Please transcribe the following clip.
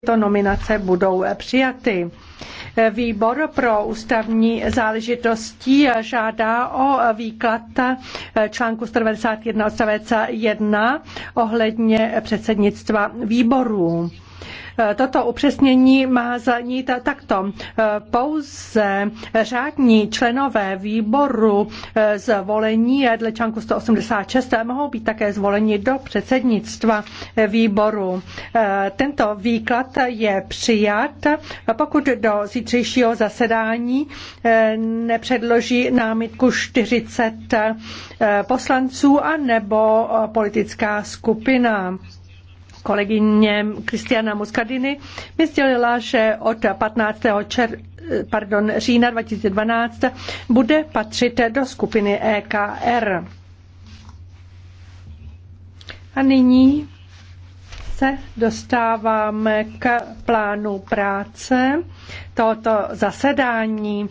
tyto nominace budou přijaty. Výbor pro ústavní záležitosti žádá o výklad článku 191 odstavec 1 ohledně předsednictva výborů. Toto upřesnění má zanít takto. Pouze řádní členové výboru zvolení dle článku 186 mohou být také zvoleni do předsednictva výboru. Eh, tento výklad je přijat, a pokud do zítřejšího zasedání eh, nepředloží námitku 40 eh, poslanců a nebo politická skupina kolegyně Kristiana Muscadini mi sdělila, že od 15. Čer, pardon, října 2012 bude patřit do skupiny EKR. A nyní se dostáváme k plánu práce tohoto zasedání.